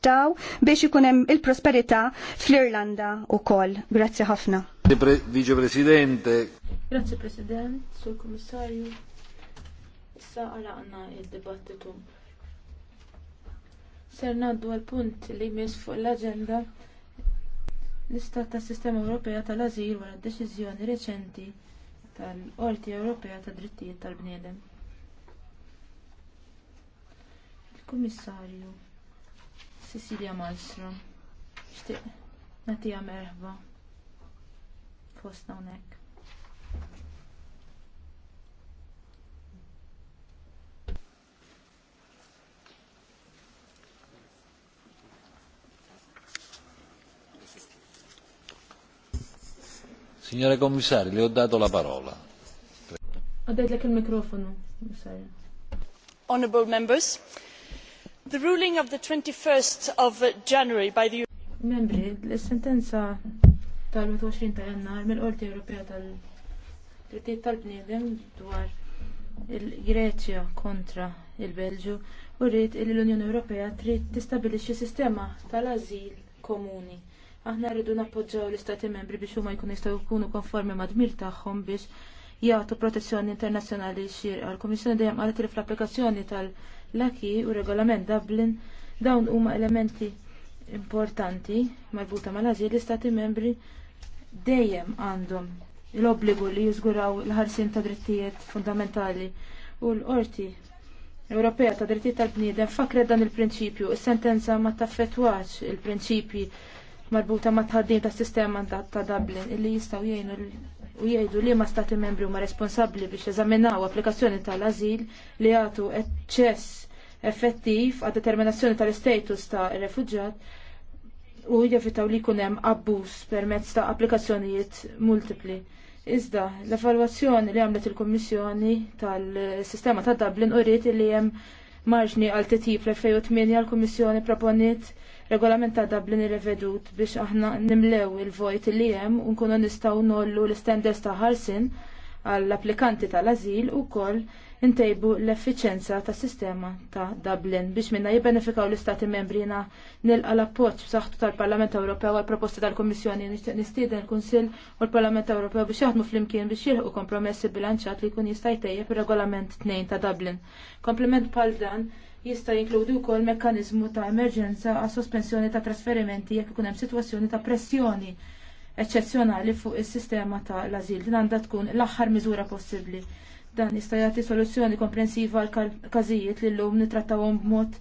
Taw biex ikun hemm il-prosperità fl-Irlanda wkoll. Grazzi ħafna. Vice Presidente. Grazzi President, Sur Komissarju, Issa għalaqna il-dibattitu. Ser naddu għal-punt li jmiss fuq l-agenda l-istat tas sistema Ewropea tal-Azil wara d-deċiżjoni reċenti tal-Qorti Ewropea tad Drittijiet tal-Bniedem. Il-Kummissarju Cecilia Malmström. Xtiq, natija merħba. Fosna unek. Signore Commissario, le ho dato la parola. Ho dato il microfono, Commissario. Honorable members, The ruling of the 21st of uh, January by the Membri, l-sentenza tal-21 ta' jannar mill-Qorti Ewropea tal-Drittijiet tal-Bniedem dwar il-Greċja kontra il-Belġu u rrid li l-Unjoni Ewropea trid tistabilixxi sistema tal-ażil komuni. Aħna rridu nappoġġaw l-Istati membri biex huma jkunu jistgħu jkunu konformi mad-dmir tagħhom biex jagħtu protezzjoni internazzjonali xir għal kummissjoni dejjem qalet li fl-applikazzjoni tal-laki u regolament Dublin dawn huma elementi importanti marbuta mal-għażil l-Istati membri dejjem għandhom l-obbligu li jiżguraw l-ħarsin ta' drittijiet fundamentali u l-qorti Ewropea ta' drittijiet tal-bniedem fakret dan il-prinċipju, is-sentenza ma taffetwax il-prinċipji marbuta ma tħaddim tas sistema ta' Dublin illi jistgħu jgħinu u jgħidu li ma stati membri huma responsabbli biex eżaminaw applikazzjoni tal-azil li għatu eċċess effettiv għad determinazzjoni tal-istatus ta' refugġat u jevitaw li jkun hemm abbuż permezz ta' applikazzjonijiet multipli. Iżda, l-evalwazzjoni li għamlet il-Kommissjoni tal-sistema ta' Dublin uriet li hemm marġni għal titjib l 2008 għal-Kommissjoni proponiet regolament ta' Dublin irrevedut biex aħna nimlew il-vojt li hemm u nkunu nistgħu nollu l-istenders ta' ħarsin għall-applikanti tal-azil u koll intejbu l-effiċenza ta' sistema ta' Dublin biex minna jibbenefikaw l-istati membrina nilqa l-appoċ b'saħħtu tal-Parlament Ewropew għal proposta tal kummissjoni nistieden il-Kunsill u l-Parlament Ewropew biex jaħdmu flimkien biex jilħu kompromessi bilanċat li jkun jista' jtejjeb ir-regolament 2 ta' Dublin. Kompliment pal dan jista' jinkludi wkoll mekkaniżmu ta' emerġenza għas sospensjoni ta' trasferimenti jekk ikun hemm sitwazzjoni ta' pressjoni eċċezzjonali fuq is-sistema ta' l-ażil. Din għandha tkun l-aħħar miżura possibbli. Dan jista' jagħti soluzzjoni komprensiva għal każijiet li llum nitrattawhom b'mod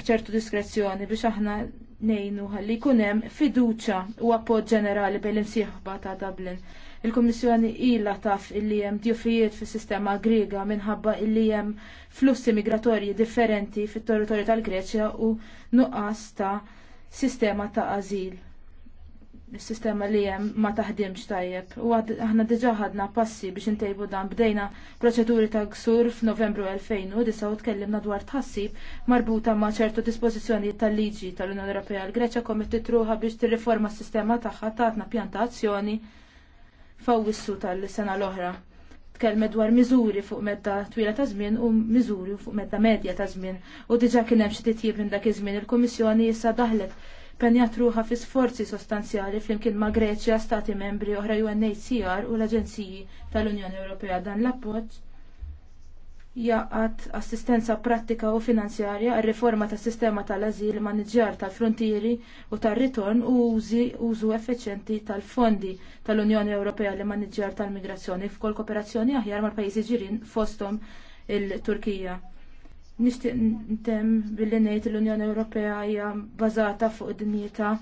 b'ċertu diskrezzjoni biex aħna ngħinu ħalli jkun hemm fiduċja u appoġġ ġenerali bejn l-imsieħba ta' Dublin. Il-Kummissjoni ilha taf illi hemm djufijiet fis-sistema Griega minħabba illi hemm flussi migratorji differenti fit-territorju tal-Greċja u nuqqas ta' sistema ta' ażil. Is-sistema li hemm ma taħdimx tajjeb. U aħna diġà ħadna passi biex intejbu dan bdejna proċeduri ta' gsur f'Novembru 2009 u tkellimna dwar tħassib marbuta ma' ċertu dispożizzjonijiet tal-liġi tal-Unjoni Ewropea l-Greċja komitet ruħa biex tirriforma s-sistema tagħha ta' pjantazzjoni fawissu tal-sena l-oħra. Tkellmet dwar miżuri fuq medda twila ta' żmien u miżuri fuq medda medja ta' żmien u diġà kien hemm xi titjib minn dak iż-żmien il-Kummissjoni issa daħlet penjat ruħa fi sforzi sostanzjali flimkien ma' Greċja, Stati Membri, oħra UNHCR u l-Aġenziji tal-Unjoni Ewropea dan l-appoġġ jaqat assistenza pratika u finanzjarja għal riforma tas sistema tal-azil maniġjar tal-frontieri u tar-ritorn u użi użu effiċjenti tal-fondi tal-Unjoni Ewropea li maniġjar tal-migrazzjoni f'kol kooperazzjoni aħjar mal-pajjiżi ġirien fosthom il-Turkija. Nixtieq ntem billi ngħid l-Unjoni Ewropea hija bbażata fuq id-dinjità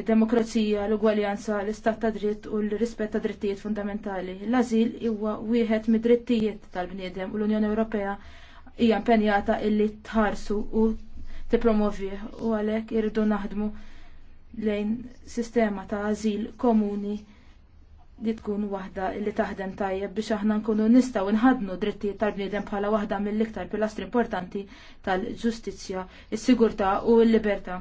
id-demokrazija, l-ugwaljanza, l-istat ta' dritt u l-rispett ta' drittijiet fundamentali. L-azil huwa wieħed mid-drittijiet tal-bniedem u l-Unjoni Ewropea hija impenjata illi tħarsu u tippromovih u għalhekk irridu naħdmu lejn sistema ta' azil komuni li tkun waħda li taħdem tajjeb biex aħna nkunu nistgħu nħadnu drittijiet tal-bniedem bħala waħda mill-iktar pilastri importanti tal-ġustizzja, is-sigurtà u l-libertà.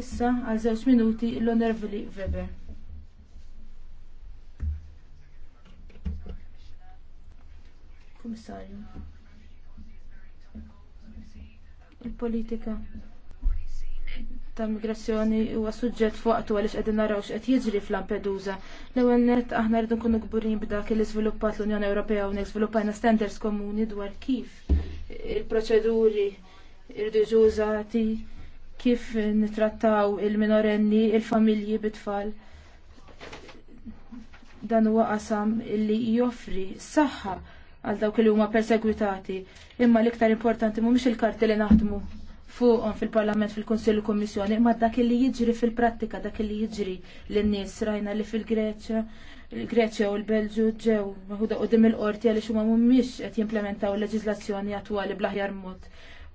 Issa għal żewġ minuti l-Onervili Weber. Komissarju. Il-politika ta' migrazzjoni huwa suġġett fuq għaliex qegħdin naraw x'qed jiġri f'Lampedusa. L-ewwel nett aħna rridu nkunu kburin b'dak li żviluppat l-Unjoni Ewropea u żviluppajna standards komuni dwar kif il-proċeduri irridu użati kif nitrattaw il-minorenni, il-familji bit-tfal. Dan huwa qasam illi joffri saħħa għal dawk li huma persegwitati. Imma l-iktar importanti mhumiex il-karti li naħdmu fuqhom fil-Parlament, fil-Kunsill u Kummissjoni, imma dak li jiġri fil-prattika, dak li jiġri lin-nies rajna li fil-Greċja, il-Greċja u l-Belġu ġew maħuda qudiem il-qorti għaliex huma mhumiex qed jimplementaw il leġiżlazzjoni attwali bl-aħjar mod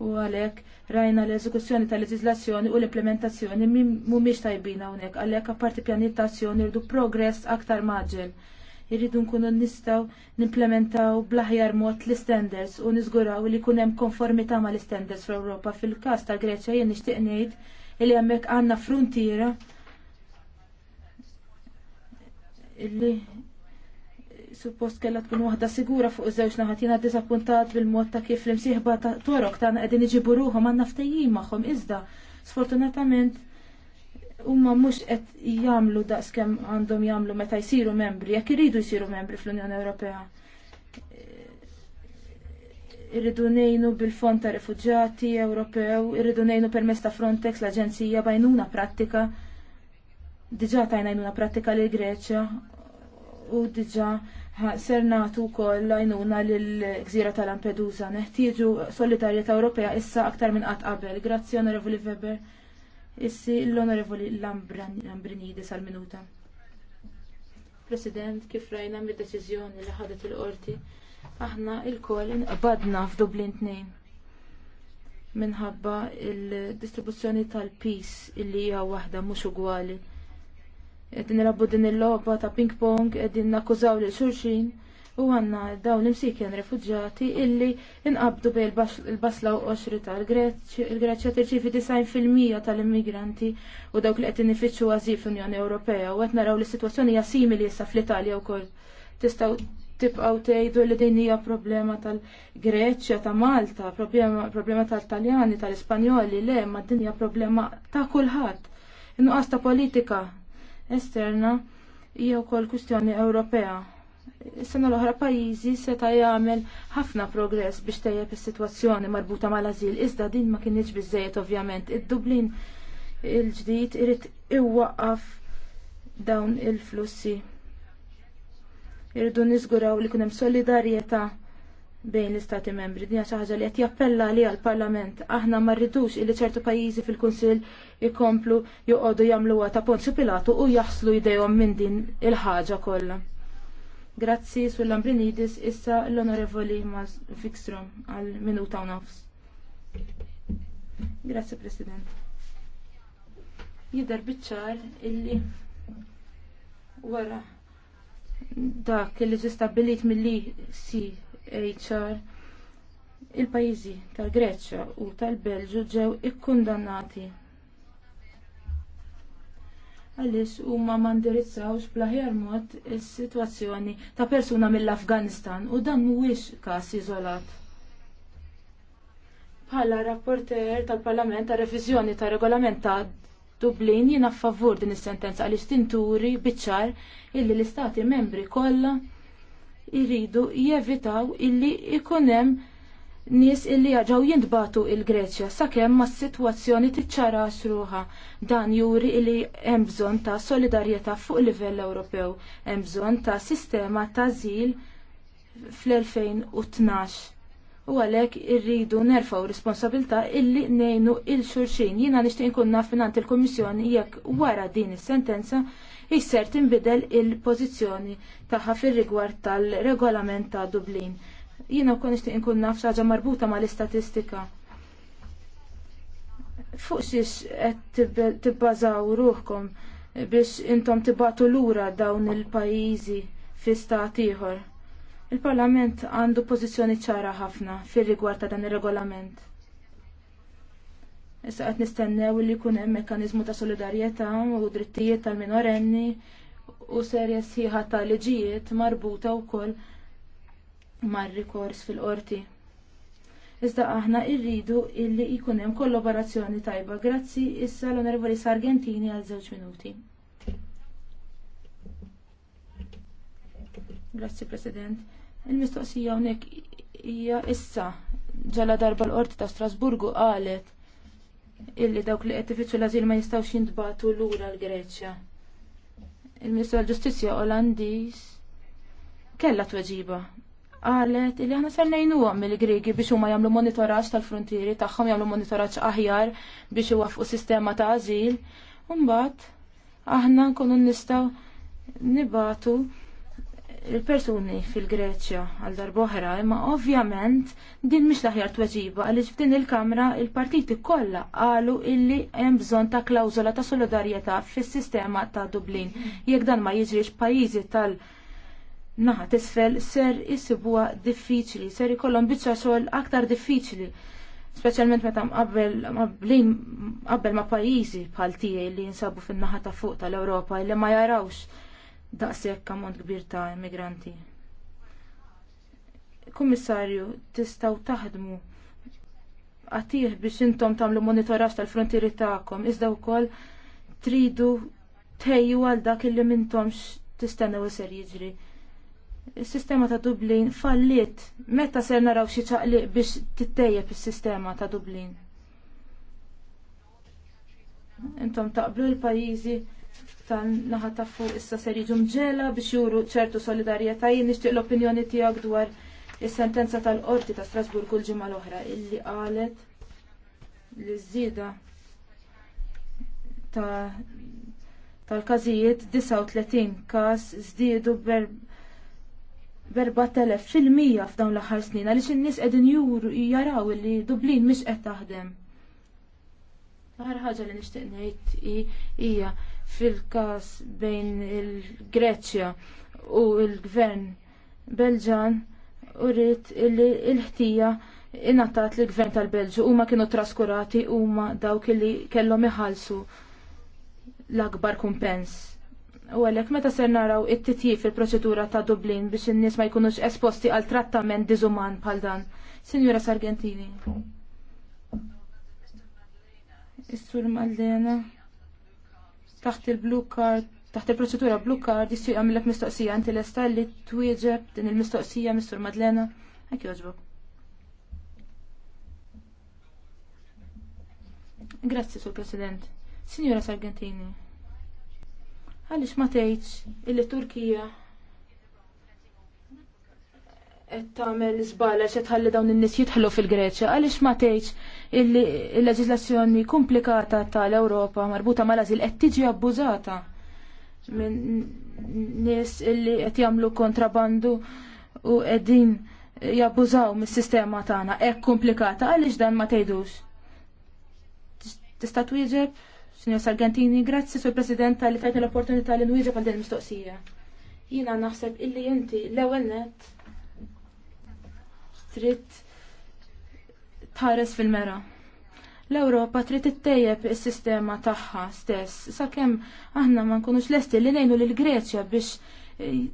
u għalhekk rajna l-eżekuzzjoni tal-leġiżlazzjoni u l-implementazzjoni mhumiex tajbin hawnhekk għalhekk apparti pjani ta' azzjoni rridu progress aktar maġel. Irridu nkunu nistgħu nimplementaw bl-aħjar mod l-standards u niżguraw li jkun hemm konformità mal l-standards fl-Ewropa. Fil-każ tal-Greċja jien nixtieq ngħid li hemmhekk għandna frontiera il-li suppost kellha tkun waħda sigura fuq iż-żewġ naħat jiena disappuntat bil-mod ta' kif l-imsieħba ta' torok tagħna qegħdin iġibu ruhom għandna ftehim magħhom iżda sfortunatament huma mhux qed jagħmlu daqskemm għandhom jagħmlu meta jsiru membri, jekk iridu jsiru membri fl-Unjoni Ewropea. Irridu ngħinu bil-Fond ta' Refuġjati Ewropew, irridu ngħinu permess ta' Frontex l-Aġenzija bajnuna prattika. Diġà tajna jnuna prattika lill Greċja u diġa ser natu kol lajnuna l-gżira tal-Lampedusa. Neħtieġu solidarjetà Ewropea issa aktar minn qatt qabel. Grazzi Onorevoli Weber. Issi l-Onorevoli Lambrinidis sal-minuta. President, kif rajna mid-deċiżjoni li ħadet il-qorti, aħna il-kol inqbadna f'Dublin 2 minħabba il-distribuzzjoni tal-pis illi hija waħda mhux ugwali qegħdin nilabbu din il-logħba ta' ping pong qegħdin nakkużaw lil xulxin u għanna dawn l-imsikjen refugġati illi inqabdu bej il-basla u oċri ta' il-Greċja tirċifi 90% tal-immigranti u dawk li qed inifittxu għazi fl-Unjoni Ewropea u qed naraw li situazzjoni sitwazzjoni hija simili issa fl-Italja wkoll. Tistgħu tibqgħu tgħidu li din hija problema tal-Greċja, ta' Malta, problema tal-Taljani, tal-Ispanjoli, le ma' din hija problema ta' kulħadd. Inqas ta' politika esterna jew kol kwistjoni Ewropea. sena l-oħra pajjiżi seta' jagħmel ħafna progress biex tejjeb is-sitwazzjoni marbuta mal azil iżda din ma kienieċ biżejjed ovvjament. Id-Dublin il-ġdid irid iwaqqaf dawn il-flussi. Irridu niżguraw li kunem hemm solidarjetà bejn l-istati membri. Dinja xi ħaġa li qed jappella li għall parlament aħna ma rridux illi ċertu pajjiżi fil-Kunsill ikomplu joqogħdu jagħmluha ta' Ponzju Pilatu u jaħslu jdejhom minn din il-ħaġa kollha. Grazzi sul Lambrinidis issa l-Onorevoli Mas Fikstrom għal minuta u nofs. Grazzi President. Jidher biċ-ċar illi wara dak illi ġistabilit mill milli si HR il-pajjiżi tal-Greċja u tal-Belġu ġew ikkundannati għaliex huma ma bl-aħjar mod is-sitwazzjoni ta' persuna mill-Afganistan u dan mhuwiex każ iżolat. Bħala rapporter tal-Parlament ta' reviżjoni ta' regolament ta' Dublin jiena favur din is-sentenza għaliex tinturi biċ-ċar illi l-istati membri kollha irridu jevitaw illi ikunem nies illi jaġaw jintbatu il-Greċja sakemm ma s-sitwazzjoni tiċċara sruħa dan juri illi hemm bżonn ta' solidarjetà fuq livell Ewropew, hemm bżonn ta' sistema ta' żil fl-2012. U għalhekk irridu nerfaw responsabilità illi ngħinu il-xurxin. Jiena nixtieq nkun naf il-Kummissjoni jekk wara din is-sentenza jisser tinbidel il-pożizzjoni tagħha fir-rigward tal-regolament ta' Dublin. Jiena wkoll nixtieq inkun naf xi ħaġa marbuta mal-istatistika. Fuq xiex qed tibbażaw ruħkom biex intom tibatu lura dawn il-pajjiżi fi stat ieħor. Il-Parlament għandu pożizzjoni ċara ħafna fir-rigward ta' dan ir-regolament. Issa qed nistennew li jkun hemm mekkaniżmu ta' solidarjetà u drittijiet tal-minorenni u serja sħiħa ta' liġijiet marbuta wkoll mar-rikors fil-qorti. Iżda aħna rridu illi jkun hemm kollaborazzjoni tajba. Grazzi issa l-Onorevoli Sargentini għal żewġ minuti. Grazzi President. Il-mistoqsija hawnhekk hija issa ġala darba l-Qorti ta' Strasburgu qalet illi dawk li qed ifittxu l-ażil ma jistgħux jintbagħtu lura l-Greċja. Il-Ministru tal-Ġustizzja Olandiż kellha tweġiba. Qalet illi aħna ser ngħinuhom mill-Griegi biex huma jagħmlu monitoraġġ tal-frontieri tagħhom jagħmlu monitoraġġ aħjar biex iwaffqu sistema ta' ażil. Mbagħad aħna nkunu nistgħu nibatu il-persuni fil-Greċja għal darboħra, imma ovvjament din mhix l-aħjar tweġiba għaliex f'din il-Kamra il-partiti kollha qalu illi hemm bżonn ta' klawżola ta' solidarjetà fis-sistema ta' Dublin. Jekk dan ma jiġrix pajjiżi tal- naħa tisfel ser isibuha diffiċli, ser ikollhom biċċa xogħol aktar diffiċli specialment meta qabel ma' pajjiżi bħal tiegħi li jinsabu fin-naħa ta' fuq tal-Ewropa li ma jarawx daqshekk ammont kbir ta' immigranti. Kummissarju, tistgħu taħdmu għatih biex intom tagħmlu monitoraġġ tal-frontieri tagħkom, iżda wkoll tridu tejju għal dak li mintomx tistennew iser jiġri. Is-sistema ta' Dublin falliet. Meta ser naraw xi ċaqliq biex tittejjeb is-sistema ta' Dublin? Intom taqblu l-pajjiżi tan-naħa ta' fuq issa ser jiġu mġela biex juru ċertu solidarjetà jien nixtieq l-opinjoni tiegħek dwar is-sentenza tal-qorti ta' Strasburg kull ġimgħa l-oħra illi qalet li żieda ta' tal-każijiet 39 każ zdidu ber 4000 fil-mija f'dawn l-aħħar snin għaliex in-nies qegħdin juru jaraw li Dublin mhix qed taħdem. L-aħħar ħaġa li nixtieq ngħid hija fil każ bejn il-Greċja u l gvern Belġan urrit il-ħtija inatat lill gvern tal-Belġu huma kienu traskurati huma dawk li kellhom iħallsu l-akbar kumpens. U għalhekk meta ser naraw it titji fil-proċedura ta' Dublin biex in-nies ma jkunux esposti għal trattament diżuman bħal dan. Sinjura Sargentini. Is-sur Mallena taħt il-blue card taħt il-proċedura blue card jissu jgħamilek mistoqsija inti l-estal li twieġeb din il-mistoqsija Mr. Madlena. għak joġbok. Grazzi, Sur President. Signora Sargentini, għalix ma tgħidx illi Turkija qed tagħmel żbala se tħalli dawn in-nies jidħlu fil-Greċja għaliex ma tgħidx illi l-leġiżlazzjoni komplikata tal-Ewropa marbuta mal lażil qed tiġi abbużata minn nies illi qed jagħmlu kontrabandu u qegħdin jabbużaw mis-sistema tagħna hekk komplikata għaliex dan ma tgħidux. Tista' twieġeb, Sinjor Sargentini, grazzi sur President tal-li tajt l-opportunità li nwieġeb għal din il-mistoqsija. Jiena naħseb illi inti l-ewwel nett trid tħares fil-mera. L-Ewropa trid ittejjeb is-sistema tagħha stess sakemm aħna ma nkunux lesti li ngħinu lill Greċja biex eh,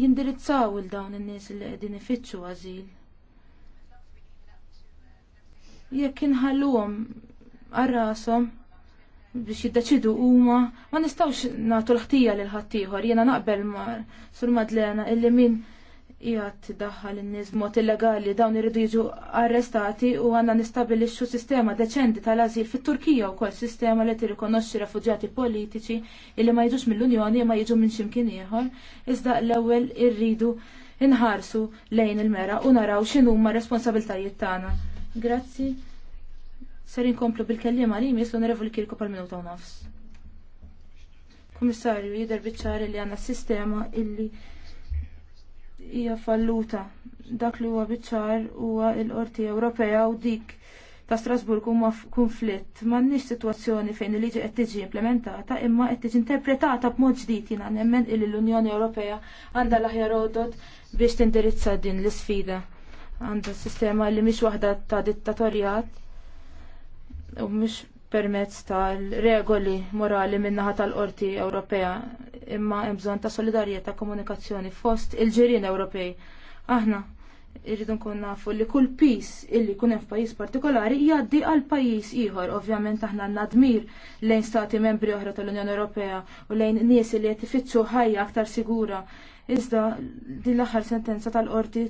jindirizzaw il dawn in-nies li qegħdin ifittxu għażil. Jekk inħalluhom għar-rashom biex jiddeċidu huma ma nistgħux nagħtu l-ħtija lil ħaddieħor jiena naqbel sur Madlena illi min jgħat tiddaħħal in-nies mod illegali dawn iridu jiġu arrestati u għandna nistabilixxu sistema deċenti tal azil fit-Turkija wkoll sistema li tirrikonoxxi refugjati politiċi illi ma jiġux mill-Unjoni ma jiġu minn ximkien ieħor, iżda l-ewwel irridu inħarsu lejn il-mera u naraw x'inhu huma responsabiltajiet tagħna. Grazzi. Ser inkomplu bil-kelliem għalim jislu nirevoli kirku pal-minuta u nofs. Kummissarju, jidher biċċari li għandna sistema illi hija falluta. Dak li huwa biċċar huwa l-Qorti Ewropea u dik ta' Strasburg huma konflitt. M'għandniex sitwazzjoni fejn il-liġi qed tiġi implementata imma qed tiġi interpretata b'mod ġdid jiena nemmen il l-Unjoni Ewropea għandha l-aħjar għodot biex tindirizza din l-isfida. Għandha sistema li mhix waħda ta' dittatorjat u mhix permezz tal-regoli morali min-naħa tal-qorti Ewropea imma hemm bżonn ta' solidarjetà komunikazzjoni fost il-ġirien Ewropej. Aħna irridu nkun nafu li kull pis illi jkun hemm f'pajjiż partikolari jgħaddi għal pajjiż ieħor. Ovvjament aħna għandna dmir lejn stati membri oħra tal-Unjoni Ewropea u lejn nies li qed ifittxu ħajja aktar sigura. Iżda din l-aħħar sentenza tal-qorti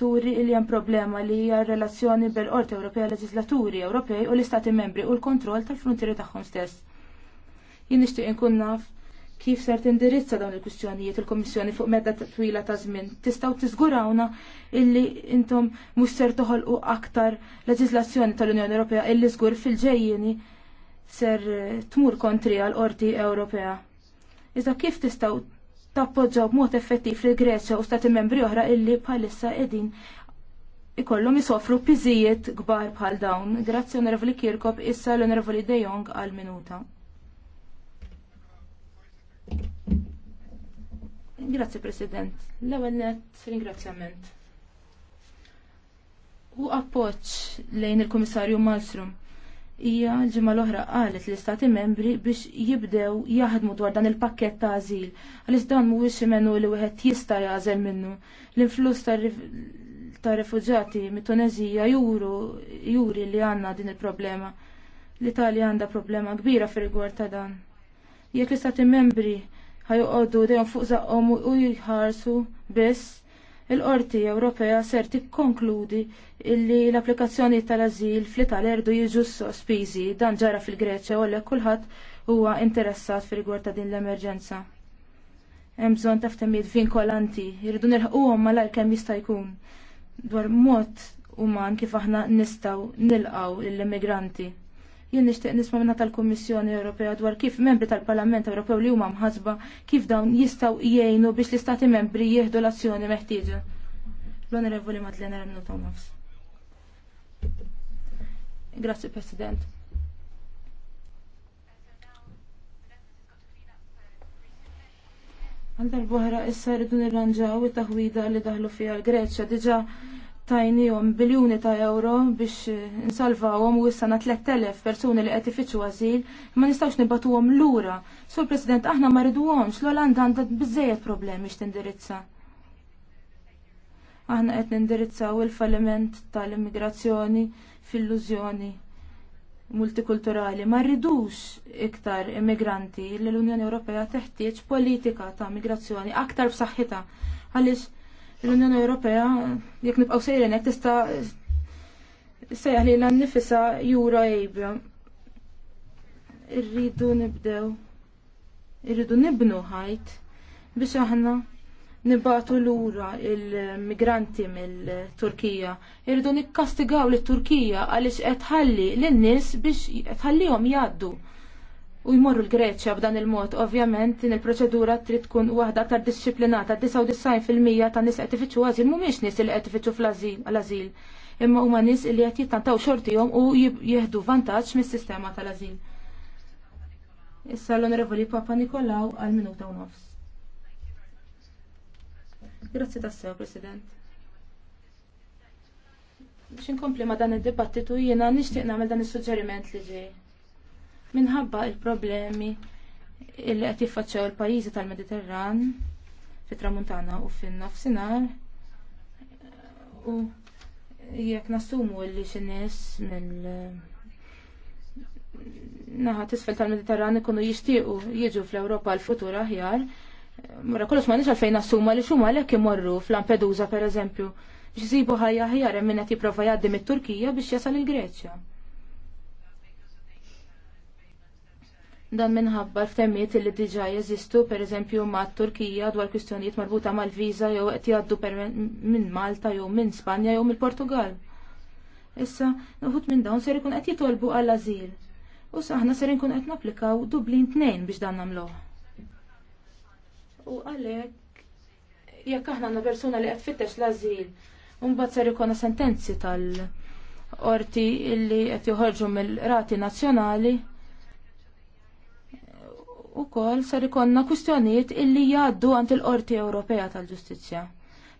turi li hemm problema li hija relazzjoni bil-Qorti Ewropea Leġislaturi Ewropej u l-Istati Membri u l-kontroll tal-frontieri tagħhom stess. Jien nixtieq inkun naf kif ser tindirizza dawn il-kwistjonijiet il kummissjoni fuq medda twila ta' żmien. Tistgħu tiżgurawna illi intom mhux ser toħolqu aktar leġiżlazzjoni tal-Unjoni Ewropea illi żgur fil-ġejjieni ser tmur kontri għal qorti Ewropea. Iżda kif tistgħu tappoġġaw b'mod effettiv lil Greċja u stati membri oħra illi bħalissa qegħdin ikollhom isofru piżijiet kbar bħal dawn. Grazzi Onorevoli Kirkop, issa l-Onorevoli De Jong għal minuta. Grazzi President. L-ewwel nett ringrazzjament. U appoġġ lejn il-Kummissarju Malmström hija ġimgħa l-oħra qalet l-istati membri biex jibdew jaħdmu dwar dan il-pakkett ta' ażil għaliex dan mhuwiex xi menu li wieħed jista' jagħżel minnu. L-influss ta' refuġati mit-Tunezija juru juri li għandna din il-problema. L-Italja għandha problema kbira fir-rigward ta' dan. Jekk l-istati membri ħajoqogħdu dejjem fuq żaqhom u jħarsu biss il-Qorti Ewropea ser tikkonkludi illi l-applikazzjoni tal-azil fl-Italja erdu jiġu sospiżi dan ġara fil-Greċja u għalhekk kulħadd huwa interessat fil-rigward ta' din l-emerġenza. Hemm bżonn ta' ftemijiet vinkolanti, jridu nilħquhom malajr kemm jista' jkun dwar mod uman kif aħna nistgħu nilqgħu lill-immigranti. Jien nixtieq nisma' minna tal-Kummissjoni Ewropea dwar kif membri tal-Parlament Ewropew li huma mħasba kif dawn jistgħu jgħinu biex l-istati membri jieħdu l-azzjoni meħtieġa. L-Onorevoli Madlena Ramnu nofs. Grazzi President. Għandar boħra issa rridu nirranġaw it-taħwida li daħlu fija l-Greċja diġa jom biljuni ta' euro biex eh, nsalvawhom u issa 3000 persuni li qed fitxu għażil, ma nistgħux l lura. Sur President, aħna ma rridwhomx l-Olanda għandha biżejjed problemi biex tindirizza. Aħna qed nindirizzaw il-falliment tal-immigrazzjoni fil luzjoni multikulturali. Ma rridux iktar immigranti l-Unjoni Ewropea teħtieġ politika ta' migrazzjoni aktar b'saħħitha għaliex L-Unjoni Ewropea, jekk nibqgħu sejrin hekk tista' sejjaħ li l annifisa jura ejbja. Irridu nibdew. Irridu nibnu ħajt biex aħna nibatu lura il-migranti mill-Turkija. Irridu nikkastigaw lit turkija għaliex qed ħalli lin nies biex qed ħallihom jgħaddu u jmorru l-Greċja b'dan il-mod, ovvjament din il-proċedura trid tkun waħda aktar disċiplinata, 99% ta' nies qed ifittxu għażil mhumiex nies li qed ifittxu fl-għażil, imma huma nies li qed jittantaw xortihom u jieħdu vantaġġ mis-sistema tal-għażil. Issa l-Onorevoli Papa Nikolaw għal minuta u nofs. Grazzi tassew, President biex inkompli ma dan id-dibattitu jiena nixtieq nagħmel dan is-suġġeriment li ġej minħabba il-problemi li qed jiffaċċjaw il-pajjiżi tal-Mediterran fit-Tramuntana u fin-nofsinhar u jekk nassumu li xi nies mill naħa tisfel tal-Mediterran ikunu jixtiequ jiġu fl-Ewropa l-futur aħjar, mara kollox ma nix fejn nassuma li xuma għalhekk imorru fl-Lampedusa pereżempju biex jisibu ħajja aħjar hemm min qed jipprova jgħaddi mit-Turkija biex jasal il-Greċja. dan minħabba f'temmiet li diġa jeżistu pereżempju mat Turkija dwar kwistjonijiet marbuta mal-viża jew qed jgħaddu minn Malta jew minn Spanja jew mill-Portugal. Issa, uħut minn dawn ser ikun qed jitolbu għall ażil U saħna ser ikun qed napplikaw Dublin tnejn biex dan nagħmluh. U għalhekk jekk aħna għandna persuna li qed fittex l-ażil, mbagħad ser ikun sentenzi tal-qorti illi qed joħorġu mill-rati nazzjonali u kol sar ikonna kustjoniet illi jaddu għand il-Qorti Ewropea tal-Ġustizzja.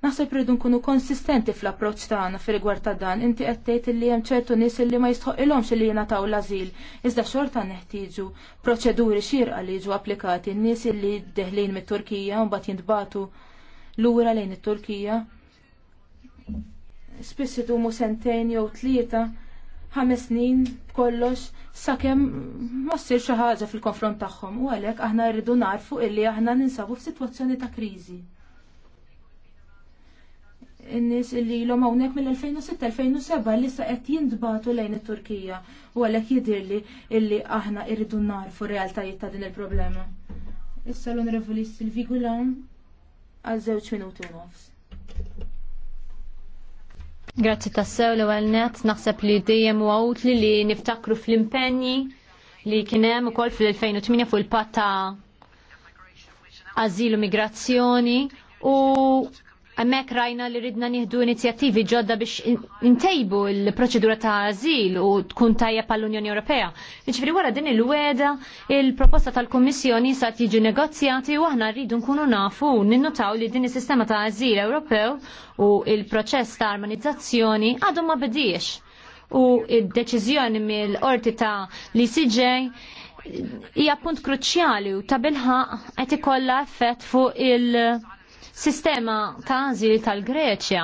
Naħseb rridu nkunu konsistenti fl-approċċ tagħna fir-rigward ta' dan, inti qed tgħid illi hemm ċertu nies illi ma jistħoqilhomx illi jingħataw l-ażil, iżda xorta neħtieġu proċeduri xierqa li jiġu applikati n-nies illi deħlin mit-Turkija u mbagħad jintbatu lura lejn it-Turkija. Spiss idumu sentejn jew tlieta ħames snin kollox sakemm ma ssir xi ħaġa fil-konfront tagħhom u għalhekk aħna rridu narfu illi aħna ninsabu f'sitwazzjoni ta' kriżi. In-nies illi ilhom hawnhekk mill-2006-2007 li sa qed jintbatu lejn it-Turkija u għalhekk jidhirli illi aħna rridu narfu realtajiet ta' din il-problema. Issa l-Onorevoli Silvi Gulan għal żewġ minuti u nofs. Grazzi tassew l ewwel net, naħseb li dejjem u għawtli li niftakru fl impenni li kienem u kol fil-2008 fuq il-patta azilu migrazzjoni u Hemmhekk rajna li ridna nieħdu inizjattivi ġodda biex intejbu l-proċedura ta' azil u tkun tajja pal unjoni Ewropea. Jiġifieri wara din il-weda il-proposta tal-Kummissjoni sa tiġi negozjati u aħna rridu nkunu nafu ninnotaw li din is-sistema ta' azil Ewropew u il-proċess ta' armonizzazzjoni għadhom ma bidiex u id-deċiżjoni mill-qorti ta' li CJ hija punt kruċjali u ta' bilħaq qed ikollha effett fuq il- sistema ta' azil tal-Greċja.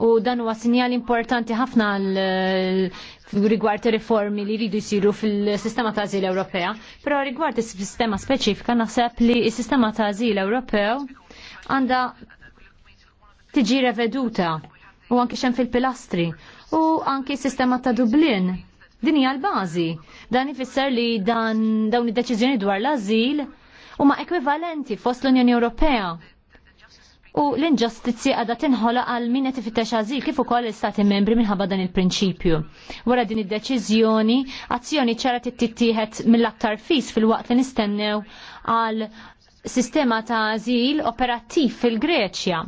U dan huwa sinjal importanti ħafna eh, rigward riformi li jridu jsiru fil-sistema ta' azil Ewropea. Però rigward is-sistema speċifika naħseb li s-sistema ta' azil Ewropew għandha tiġi reveduta u anki xem fil-pilastri u anki sistema ta' Dublin. Din hija l-bażi. Dan ifisser li dan dawn id-deċiżjoni dwar l-azil huma ekwivalenti fost l-Unjoni Ewropea u l-inġustizzja għadha tinħola għal min qed ifittex għażil kif ukoll l-istati membri minħabba dan il-prinċipju. Wara din id-deċiżjoni, azzjoni ċara tittieħed mill-aktar fis fil-waqt li nistennew għal sistema ta' għażil operattiv fil-Greċja.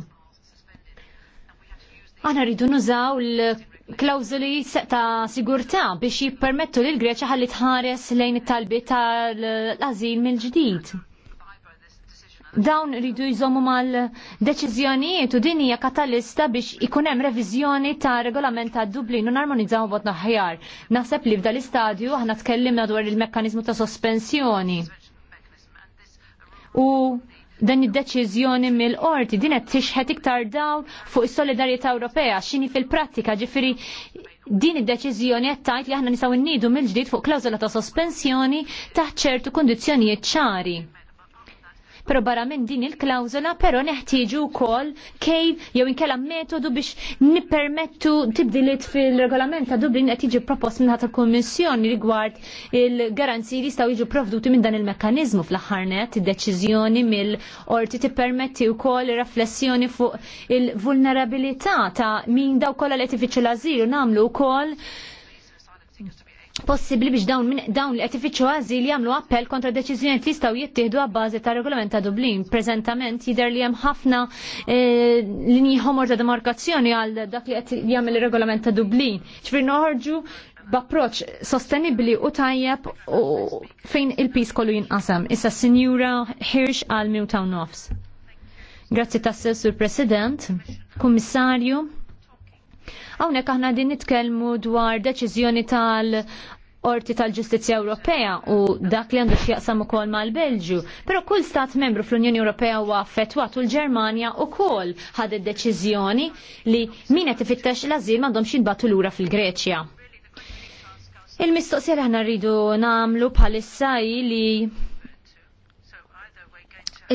Aħna rridu nużaw l-klawżoli ta' sigurtà biex jippermettu lil Greċja ħalli tħares lejn it-talbi tal-għażil mill-ġdid dawn ridu jżommu mal-deċiżjonijiet u din hija katalista biex ikun hemm reviżjoni ta' regolament ta' Dublin u narmonizzaw bot naħjar. Naħseb li f'dal istadju aħna tkellimna dwar il-mekkaniżmu ta' sospensjoni. U dan id-deċiżjoni mill-qorti din qed tixħet iktar dawn fuq is-solidarjetà Ewropea x'inhi fil-prattika ġifieri din id-deċiżjoni qed tgħid li aħna nisaw innidu mill-ġdid fuq klawżola ta' sospensjoni taħt ċertu kundizzjonijiet ċari. Pero barra minn din il-klawzola, pero neħtieġu wkoll Kej jew inkella metodu biex nippermettu tibdiliet fil-regolament ta' Dublin qed jiġi propost minn tal-Kummissjoni rigward il-garanziji li jistgħu jiġu provduti minn dan il-mekkaniżmu fl-aħħar net id-deċiżjoni mill-qorti tippermetti wkoll riflessjoni fuq il-vulnerabilità ta' min daw kollha li tifiċċu l-ażil nagħmlu wkoll possibbli biex dawn, dawn li qed ifittxu għażil jagħmlu appell kontra deċizjoni li jistgħu jittieħdu għabbażi ta' regolament ta' Dublin. Preżentament jidher li hemm ħafna eh, linji homor ta' demarkazzjoni għal dak li qed jagħmel ir-regolament ta' Dublin. Ġifieri noħorġu b'approċċ sostenibbli u tajjeb u fejn il-pis kollu jinqasam. Issa Sinjura Hirsch għal Mewtown Offs. Grazzi tassew sur President, Kommissarju, Hawnhekk aħna din nitkellmu dwar deċiżjoni tal Qorti tal-Ġustizzja Ewropea u dak li għandu x'jaqsam ukoll mal-Belġju. Però kull stat membru fl-Unjoni Ewropea huwa affettwat u l-Ġermanja ukoll ħadet deċiżjoni li min qed ifittex l-ażil m'għandhomx jinbatu lura fil-Greċja. Il-mistoqsija li aħna rridu nagħmlu bħalissa li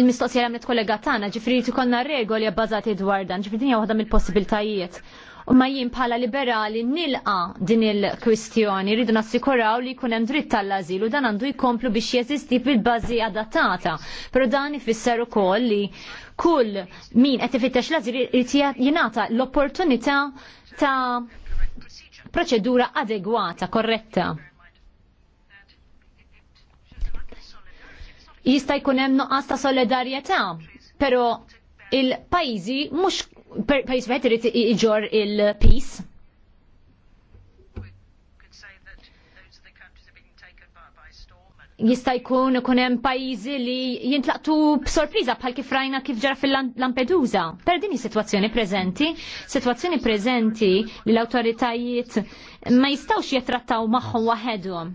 il-mistoqsija li għamnet kollega tagħna ġifri jrid ikollna regoli għabbazati dwar dan, ġifri dinja waħda mill-possibiltajiet. U ma jien bħala liberali nilqa din il-kwistjoni, rridu nassikuraw li jkun hemm dritt tal-azil u dan għandu jkomplu biex jeżisti fil-bażi adattata. Però dan ifisser ukoll li kull min qed ifittex l-azil jingħata l-opportunità ta' proċedura adegwata, korretta. Jista' jkun hemm noqqas ta' solidarjetà, però il-pajjiżi mhux pajis wieħed iġor il-peace. jista' jkun ikun hemm pajjiżi li jintlaqtu b'sorpriża bħal kif rajna kif ġara fil-Lampedusa. Per din is-sitwazzjoni preżenti, sitwazzjoni preżenti li l-awtoritajiet ma jistgħux jittrattaw magħhom waħedhom.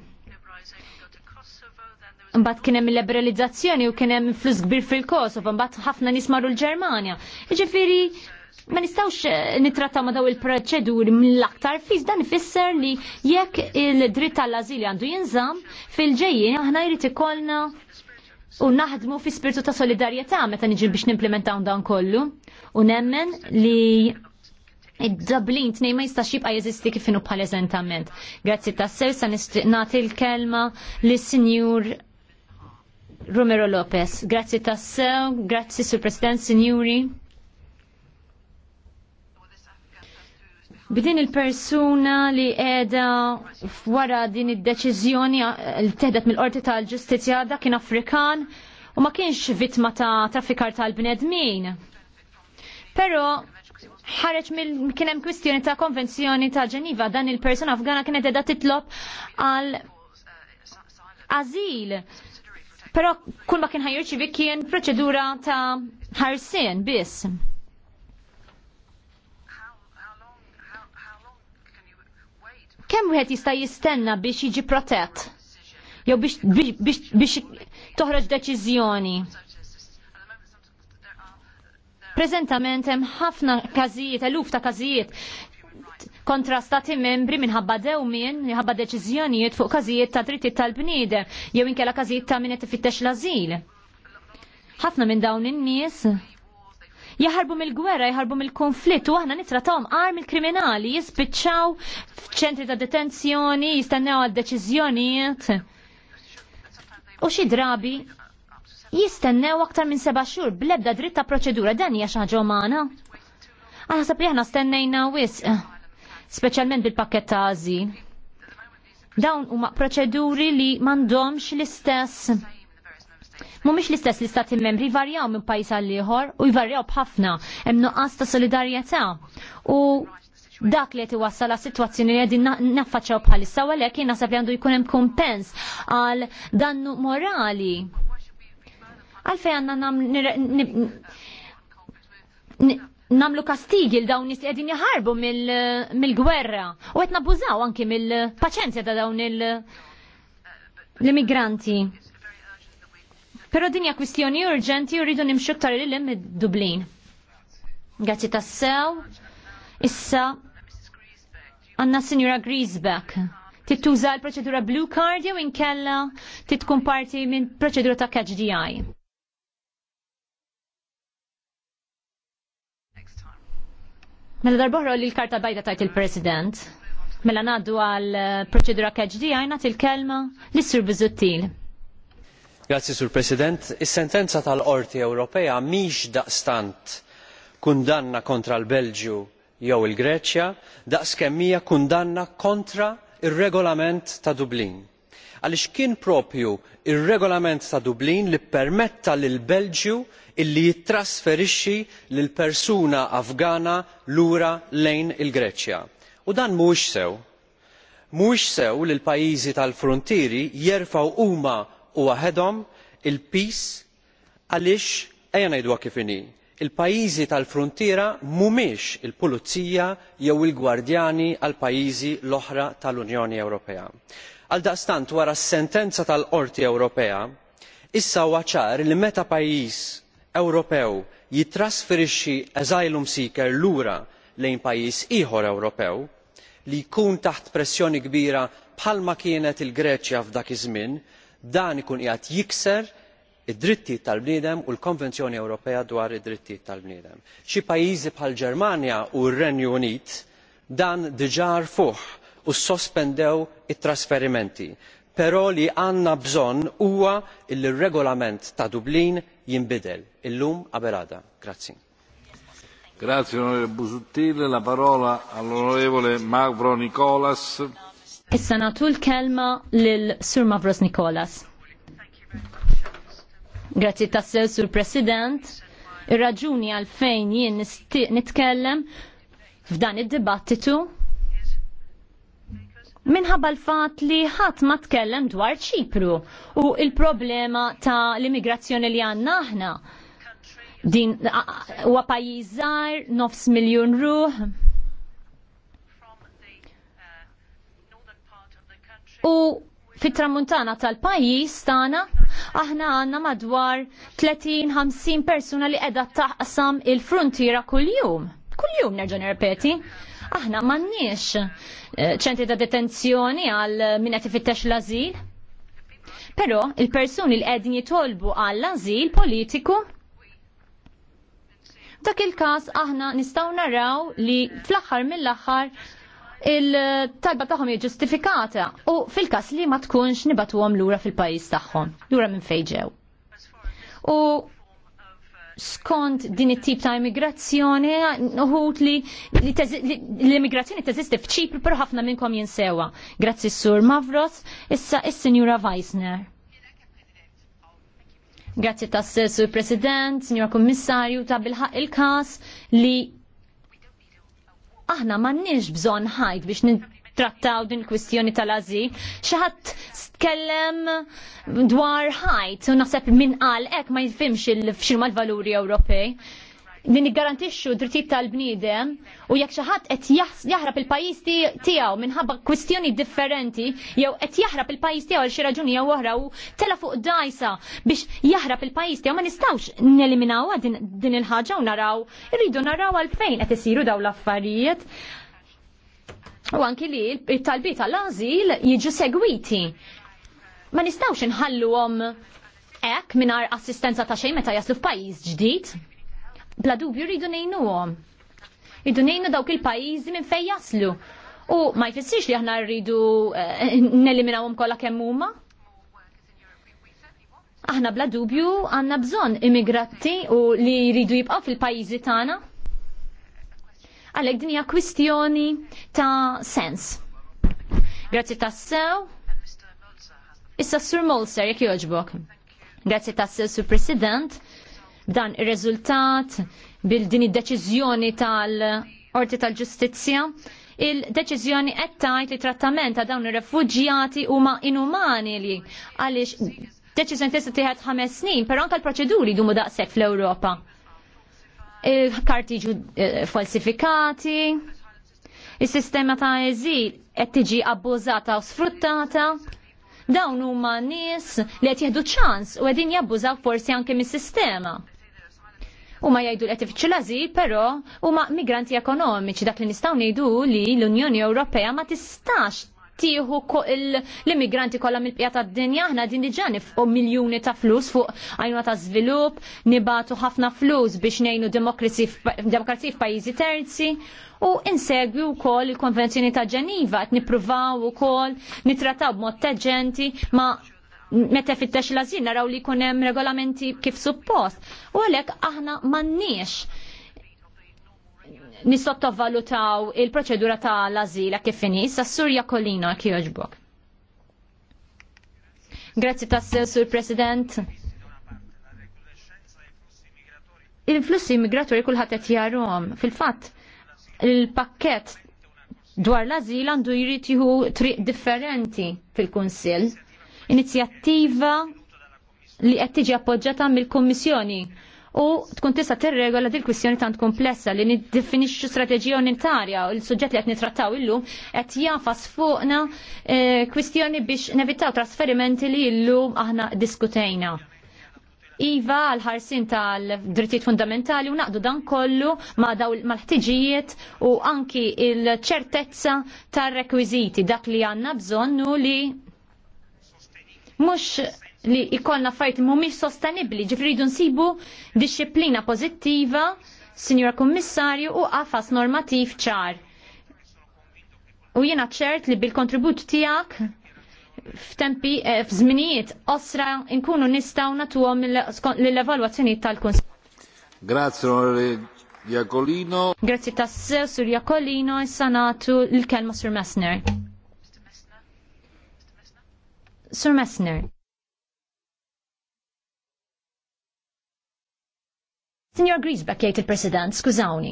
Mbagħad kien hemm liberalizzazzjoni u kien hemm flus kbir fil-Kosovo, mbagħad ħafna nismaru l-Ġermanja. Jiġifieri ma nistawx eh, nitratta ma daw il-proċeduri mill-aktar fiż dan ifisser li jekk il-dritt tal azili għandu jinżam fil-ġejjin aħna jrid ikollna u naħdmu fi spiritu ta' solidarjetà meta niġi biex nimplementaw dan kollu u nemmen li id-Dublin tnej ma jistax jibqa' jeżisti kif inhu bħal eżentament. Grazzi tas-sew sa nagħti l-kelma lis-Sinjur Romero Lopez. Grazzi tas-sew, grazzi Sur President, Sinjuri. B'din il-persuna li edha wara din id-deċizjoni li teħdet mill-qorti tal ġustizzja da kien Afrikan u ma kienx vittma ta' traffikar tal-bnedmin. Però ħareġ mill kien hemm kwistjoni ta' konvenzjoni ta' Ġeniva dan il-persuna Afgana kienet edha titlob għal azil. però kull ma kien ħajrċivi kien proċedura ta' ħarsien biss. kemm wieħed jista' jistenna biex jiġi protett? Jew biex toħroġ deċiżjoni? Preżentament hemm ħafna każijiet, eluf ta' każijiet kontrastati membri minħabba dewmien, minħabba deċiżjonijiet fuq każijiet ta' dritti tal-bniedem, jew inkella każijiet ta' min qed ifittex l-ażil. Ħafna minn dawn in-nies jaħarbu mill-gwerra, jaħarbu mill-konflitt u aħna nitratawhom arm il-kriminali jispiċċaw f'ċentri ta' detenzjoni, jistennew għal deċiżjonijiet. U xi drabi jistennew aktar minn seba' xhur bl-ebda dritt ta' proċedura dan hija xi ħaġa umana. Aħseb li aħna stennejna wisq, speċjalment bil-pakket ta' għażin. Dawn huma proċeduri li m'għandhomx l-istess Mhumiex l-istess l-istati membri varjaw minn pajjiż għal ieħor u jvarjaw b'ħafna hemm nuqqas ta' solidarjetà. U dak li qed iwassal la sitwazzjoni li qegħdin naffaċċaw bħalissa għalhekk jien naħseb li għandu jkun hemm kumpens għal dannu morali. Għalfejn għandna namlu kastigi l dawn li qegħdin jaħarbu mill-gwerra u qed nabbużaw anki mill-paċenzja ta' dawn il- l-immigranti. Pero dinja kwistjoni urġenti u rridu nimxu aktar li hemm im Dublin. Grazzi tassew. Issa għanna sinjura Griesbeck. Tittuża l-proċedura Blue Card jew inkella titkun parti minn proċedura ta' Catch DI. Mela darbohra li l-karta bajda tajt il-President. Mela naddu għal proċedura Catch DI nat il-kelma l-Sir Bizuttil. Grazzi Sur President, is-sentenza tal-Qorti Ewropea mhix daqstant kundanna kontra l-Belġju jew il-Greċja daqskemm hija kundanna kontra r regolament ta' Dublin. Għaliex kien proprju r regolament ta' Dublin li ppermetta lill Belġju illi jittrasferixxi lil persuna Afgana lura lejn il-Greċja. U dan mhuwiex sew. Mhuwiex sew li l-pajjiżi tal-frontieri jerfgħu huma u għahedhom il-peace għaliex ejja ngħidu kif inhi il pajjiżi tal fruntiera mhumiex il pulizija jew il gwardjani għal pajjiżi l oħra tal unjoni ewropea. għaldaqstant wara s sentenza tal qorti ewropea issa huwa ċar li meta pajjiż ewropew jitrasferixxi asylum seeker lura lejn pajjiż ieħor ewropew li jkun taħt pressjoni kbira bħalma kienet il greċja f'dak iż żmien dan ikun qiegħed jikser id dritti tal-bniedem u l-konvenzjoni ewropea dwar id dritti tal-bniedem. xi pajjiżi bħal ġermanja u r-renju unit dan diġà rfuh u ssospendew it-trasferimenti però li għandna bżonn huwa li r-regolament ta' dublin jinbidel illum qabel għada. Grazzi. Grazie onorevole Busuttil, la parola all'onorevole Mavro Nicolas. Issa natu l-kelma lil Sur Mavros Nikolas. Grazzi tassew Sur President. Ir-raġuni għalfejn jien nitkellem f'dan id-dibattitu minħabba l-fat li ħadd ma tkellem dwar ċipru u il-problema ta' l-immigrazzjoni li għandna aħna. Din huwa pajjiż żgħar nofs miljun ruħ, U fit-tramuntana tal-pajis tagħna aħna għandna madwar 30-50 persuna li qiegħda taqsam il-frontiera kuljum. Kuljum nerġa' nirrepeti. Aħna m'għandniex eh, ċentri ta' detenzjoni għal min qed ifittex l-ażil. Però il-persuni li qegħdin jitolbu għall-ażil politiku dak il-każ aħna nistgħu naraw li fl-aħħar mill-aħħar il-talba tagħhom hija u fil-każ li ma tkunx nibatuhom lura fil-pajjiż tagħhom, lura minn fejġew. ġew. U skont din it-tip ta' immigrazzjoni, uħut li l-immigrazzjoni teżisti f'ċipru, per ħafna minnkom jinsewa. Grazzi s-sur Mavros, issa il sinjura Weisner. Grazzi tas sur President, Sinjura Kommissarju, ta' bilħaq il-kas li aħna m'għandniex bżonn ħajt biex trattaw din kwistjoni tal azi xaħat stkellem dwar ħajt, u naħseb minn qal ek ma jifimx il-valuri Ewropej li niggarantixxu drittijiet tal-bniedem u jekk xi ħadd qed jaħrab il-pajjiż tiegħu minħabba kwistjoni differenti jew qed jaħrab il-pajjiż tiegħu għal xi raġuni jew oħra u tela fuq dajsa biex jaħrab il-pajjiż tiegħu ma nistgħux neliminawha din il-ħaġa u naraw irridu naraw għalfejn qed isiru dawn l-affarijiet. U anki li il-talbiet tal-azil jiġu segwiti. Ma nistgħux inħalluhom hekk mingħajr assistenza ta' xejn meta jaslu f'pajjiż ġdid bla dubju rridu nejnuhom. Rridu nejnu dawk il-pajjiżi minn fejn jaslu. U ma jfissirx li aħna rridu eh, neliminawhom kollha kemm huma. Aħna bla dubju għandna bżonn immigrati u li jridu jibqgħu fil-pajjiżi tagħna. Għalhekk din hija kwistjoni ta' sens. Grazzi tassew. Issa Sur Molser, jekk jogħġbok. Grazzi tassew, Sur President dan ir-riżultat bil-din id-deċiżjoni tal-Qorti tal-Ġustizzja il-deċiżjoni qed tgħid li trattament ta' dawn ir-refuġjati huma inumani li għaliex deċiżjoni tista' tieħed ħames snin, però anke l-proċeduri jdumu daqshekk fl-Ewropa. Karti eh, falsifikati, is-sistema ta' eżil qed tiġi abbużata u sfruttata. Dawn huma nies li qed jieħdu ċans u qegħdin jabbużaw forsi anke mis-sistema u ma jgħidu l-qed lazi, pero però huma migranti ekonomiċi dak li nistgħu ngħidu li l-Unjoni Ewropea ma tistax tieħu l-immigranti kollha mill-pjata d-dinja ħna din diġà nifqu miljuni ta' flus fuq għajnuna ta' żvilupp, nibatu ħafna flus biex ngħinu demokrazija f'pajjiżi terzi u insegwi wkoll il-Konvenzjoni ta' Ġeniva qed nippruvaw ukoll nitrataw b'mod teġenti ma' meta fittex lażin naraw li jkun hemm regolamenti kif suppost. U għalhekk aħna m'għandniex nisottovalutaw il-proċedura ta' l-azila kif finis, s-surja kolina kjoġbok. Grazzi tassew, Sur President. Il-flussi immigratori kulħadd qed jarhom. Fil-fatt, il-pakkett dwar l-azil għandu jrid jieħu triq differenti fil-Kunsill inizjattiva li qed tiġi appoġġjata mill-Kummissjoni u tkun tista' tirregola dil kwistjoni tant komplessa li niddefinixxu strateġija unitarja u l-suġġett li qed nitrattaw illum qed jafas fuqna eh, kwistjoni biex nevitaw trasferimenti li llum aħna diskutejna. Iva għal ħarsin tal-drittijiet fundamentali u naqdu dan kollu ma daw mal-ħtiġijiet u anki il-ċertezza tar-rekwiżiti dak li għanna bżonnu li mhux li ikolna fajt mhumiex sostenibbli, ġifri nsibu disciplina pożittiva, Sinjura kommissarju, u għafas normativ ċar. U jiena ċert li bil-kontribut tiegħek f'tempi eh, f'żminijiet osra nkunu nistgħu nagħtuhom l-evalwazzjoni tal-Kunsill. Grazie onorevoli Jacolino. Grazie tassew sur Jacolino il sanatu l-kelma sur Messner. Sur Messner. Signor Griesbeck, jgħid il-President, skużawni.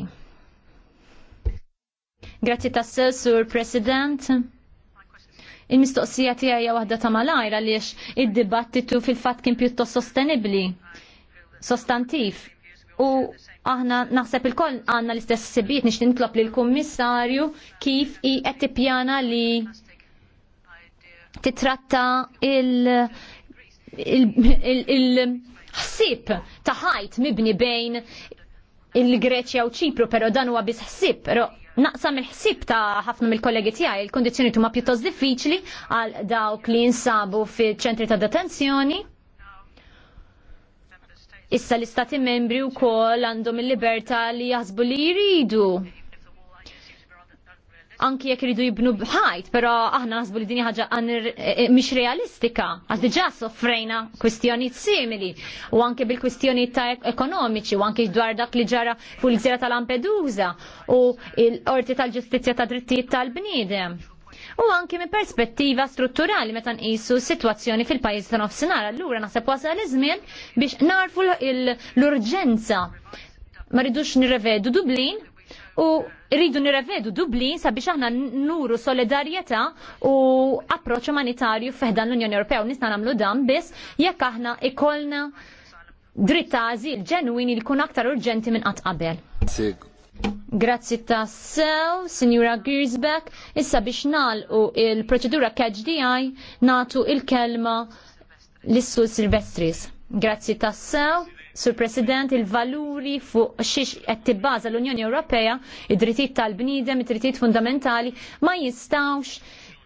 Grazzi tassel, Sur President. Il-mistoqsija tiegħi hija waħda ta' malajra għaliex id-dibattitu fil-fatt kien pjuttost sostenibbli, sostantiv. U aħna naħseb il-koll għandna l-istess sebiet nix li lill kummissarju kif i qed tippjana li titratta il- il-ħsib ta' ħajt mibni bejn il-Greċja u ċipru, pero dan huwa biss ħsib, pero naqsam il-ħsib ta' ħafna mill-kollegi tiegħi il-kondizzjoni huma pjuttost diffiċli għal dawk li jinsabu fiċ-ċentri ta' detenzjoni. Issa l-istati membri wkoll għandhom il-libertà li jaħsbu li jridu anki jekk iridu jibnu bħajt, però aħna nasbu li din ħaġa e, e, mhix realistika. Għax diġà soffrejna kwistjonijiet simili u anke bil-kwistjonijiet ta' ekonomiċi u anke dwar dak li ġara fuq il-gżira ta' Lampedusa u l-Qorti tal-Ġustizzja ta' Drittijiet tal-Bniedem. U anke minn perspettiva strutturali meta nqisu s-sitwazzjoni fil-pajjiż ta' nofsinhar, allura naħseb wasal iż-żmien biex narfu l-urġenza. Ma rridux nirrevedu Dublin u rridu nirrevedu Dublin sabiex aħna nuru solidarjetà u approċċ umanitarju fiħdan l-Unjoni Ewropea u nisna nagħmlu dan biss jekk aħna ikolna dritt ta' għażil ġenwin li jkun aktar urġenti minn qatt qabel. Grazzi ta' sew, Signora Giersbeck, issa biex nalqu il-proċedura KHDI natu il-kelma l-Sul Silvestris. Grazzi ta' sew. Sur President, il-valuri fuq xiex qed tibbaża l-Unjoni Ewropea, id-drittijiet tal-bniedem, id-drittijiet fundamentali ma jistawx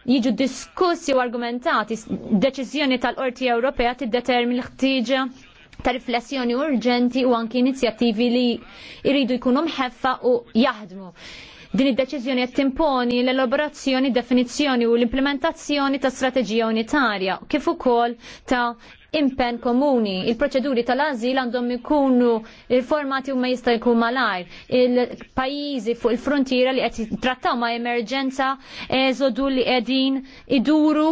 jiġu diskussi u argumentati deċiżjoni tal-Qorti Ewropea tiddetermin l-ħtieġa ta' riflessjoni urġenti u anki inizjattivi li jridu jkunu mħeffa u jaħdmu. Din id-deċiżjoni qed timponi l-elaborazzjoni, definizzjoni u l-implementazzjoni ta' strateġija unitarja kif ukoll ta' impen komuni. Il-proċeduri tal-azil għandhom ikunu eh, formati u ma jista' jkun malajr. Il-pajjiżi fuq il-frontiera li qed trattaw ma' emerġenza eżodu li qegħdin iduru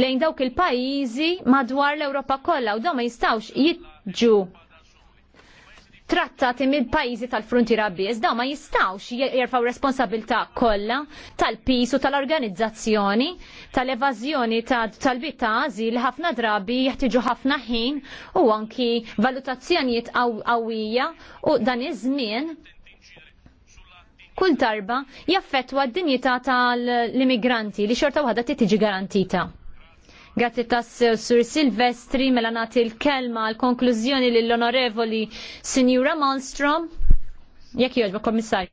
lejn dawk il-pajjiżi madwar l-Ewropa kollha u dawn ma jistgħux jiġu trattati mill pajjiżi tal frontira biss, daw ma jistawx jerfgħu responsabilità kollha tal-pisu tal-organizzazzjoni, tal-evażjoni tal-bit ta' għażil ħafna drabi jeħtieġu ħafna ħin u anki valutazzjonijiet qawwija u dan iż-żmien kull darba jaffettwa d-dinjità tal-immigranti li xorta waħda tiġi garantita. Grazzi tas Sur Silvestri mela nagħti l-kelma għal konklużjoni lill onorevoli Sinjura Malmstrom. Jekk jogħġba Kommissarju.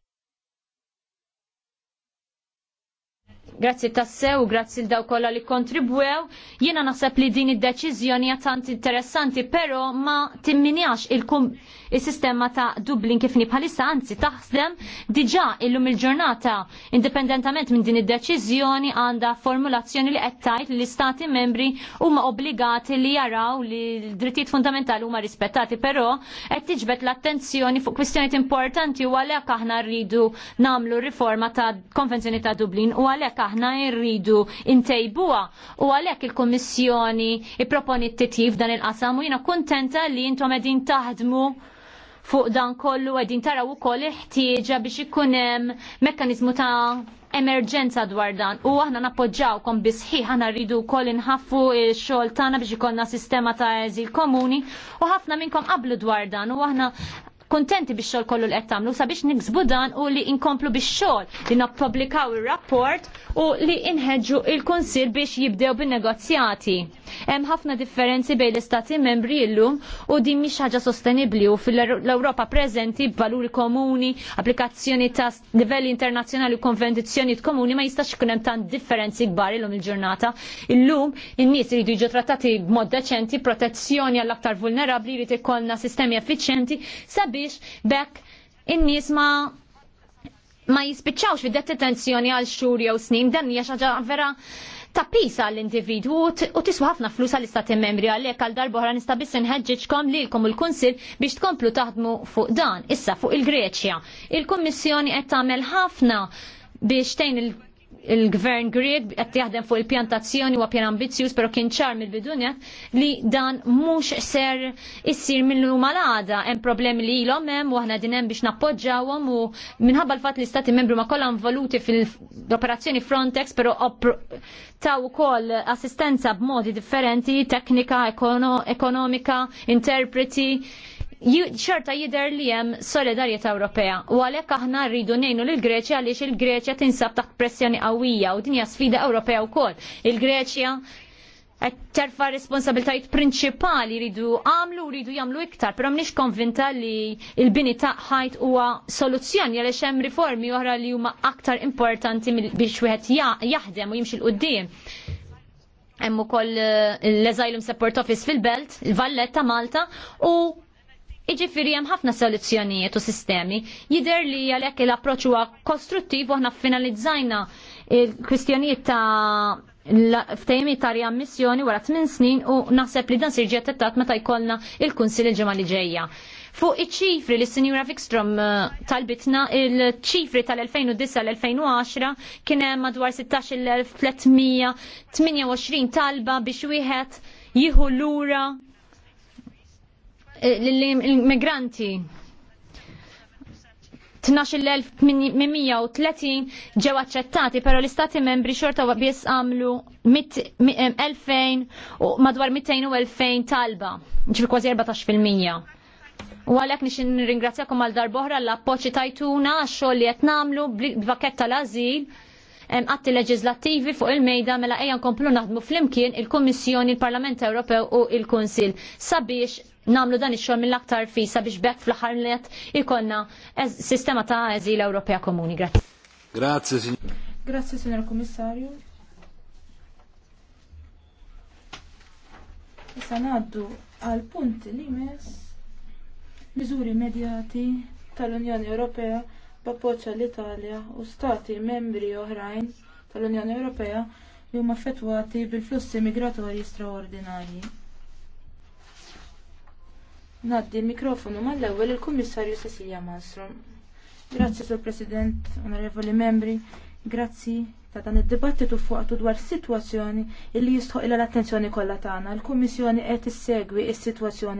Grazzi tassew, grazzi l-daw kolla li kontribwew. Jiena naħseb li din id-deċiżjoni tant interessanti, però ma timminjax il-kum is-sistema ta' Dublin kif bħalissa anzi taħdem diġà illum il-ġurnata indipendentament minn din id-deċiżjoni għandha formulazzjoni li qed tgħid li l-istati membri huma obbligati li jaraw li l-drittijiet fundamentali huma rispettati, però qed tiġbed l-attenzjoni fuq kwistjonijiet importanti u għalhekk aħna rridu nagħmlu riforma ta' konvenzjoni ta' Dublin u għalhekk aħna rridu intejbuha u għalhekk il-Kummissjoni ipproponi t-titjif dan il-qasam u jiena kuntenta li intom qegħdin taħdmu fuq dan kollu għedin taraw u koll iħtieġa biex ikunem mekkanizmu ta' emerġenza dwar dan u aħna nappoġġawkom bisħiħ aħna rridu wkoll inħaffu x-xogħol tagħna biex ikollna sistema ta' eżil komuni u ħafna minnkom qablu dwar dan u aħna kontenti biex xogħol kollu l-qed tagħmlu sabiex niksbu dan u li inkomplu biex xogħol li nappubblikaw ir-rapport u li inħeġġu il-Kunsill biex jibdew bin-negozjati. Hemm ħafna differenzi bejn l-istati membri llum u din mhix ħaġa sostenibbli u fil-Ewropa preżenti valuri komuni, applikazzjoni ta' livelli internazzjonali u konvenzjonijiet komuni ma jistax ikun hemm tant differenzi kbar illum il-ġurnata. Illum in-nies iridu jiġu trattati b'mod deċenti, protezzjoni għall-aktar vulnerabbli jrid ikollna sistemi effiċenti. sabiex biex bekk in-nies ma ma jispiċċawx fid detenzjoni għal xhur jew snin dan hija xaġa vera ta' pisa l-individwu u tiswa ħafna flus għal istati membri għalhekk għal darba oħra nista' biss inħeġġiġkom lilkom il-Kunsill biex tkomplu taħdmu fuq dan issa fuq il-Greċja. Il-Kummissjoni qed tagħmel ħafna biex tgħin il il-gvern Grieg qed jaħdem fuq il-pjantazzjoni huwa pjan ambizzjuż però kien ċar mill bidunja li dan mhux ser issir millu malada hemm problemi li ilhom hemm u aħna din hemm biex nappoġġawhom u minħabba l-fatt li stati membru ma kollha involuti fil-operazzjoni Frontex però taw ukoll assistenza b'modi differenti, teknika, ekonomika, interpreti xorta jider li hemm solidarjetà Ewropea u għalhekk aħna rridu nejnu l Greċja għaliex il-Greċja tinsab taħt pressjoni qawwija u dinja sfida Ewropea wkoll. Il-Greċja qed terfa' responsabiltajiet prinċipali rridu għamlu rridu jagħmlu iktar, però mniex konvinta li l-bini ta' ħajt huwa soluzzjoni għaliex hemm riformi oħra li huma aktar importanti biex wieħed jaħdem u jimxil l hemm ukoll l-Asylum Support Office fil-Belt, il-Valletta Malta u Iġifiri hemm ħafna soluzzjonijiet u sistemi. Jider li għalhekk l-approċċ huwa kostruttiv u aħna finalizzajna il-kwistjonijiet ta' ftejmiet ta' riammissjoni wara 8 snin u naħseb li dan sirġi tettat meta jkollna il-Kunsil il-ġimgħa li ġejja. Fuq iċ-ċifri li Sinjura Vikstrom eh, talbitna, il-ċifri tal-2009 l-2010 kien hemm madwar 16.328 talba biex wieħed jieħu lura Eh, l-immigranti. 12.830 ġew aċċettati, però l-istati membri xorta biss għamlu 2000 eh, u madwar 200 u 2000 talba, ġifir kważi 14%. U għalek nix ringrazzjakom għal darboħra l-appoċi tajtuna għax li qed b'vaketta l-azil għatti leġizlattivi fuq il-mejda mela ejja nkomplu naħdmu fl-imkien il-Kommissjoni, il-Parlament Ewropew u il-Kunsil sabiex namlu dan ix-xogħol mill-aktar fisa biex bekk fl-aħħar net ikonna sistema ta' eżil Ewropea Komuni. Grazie. Grazzi, signor. Grazzi, signor Kummissarju. Issa ngħaddu għal punt li mes miżuri medjati tal-Unjoni Ewropea b'appoġġja l-Italja u stati membri oħrajn tal-Unjoni Ewropea li huma affettwati bil-flussi migratorji straordinarji. Naddi l-mikrofonu mal-ewwel il-Kummissarju Cecilia Malmström. Grazzi sur President, onorevoli membri, grazzi ta' dan id-dibattitu fuqtu dwar sitwazzjoni li jistħoq l-attenzjoni kollha tagħna. Il-Kummissjoni qed issegwi is sitwazzjoni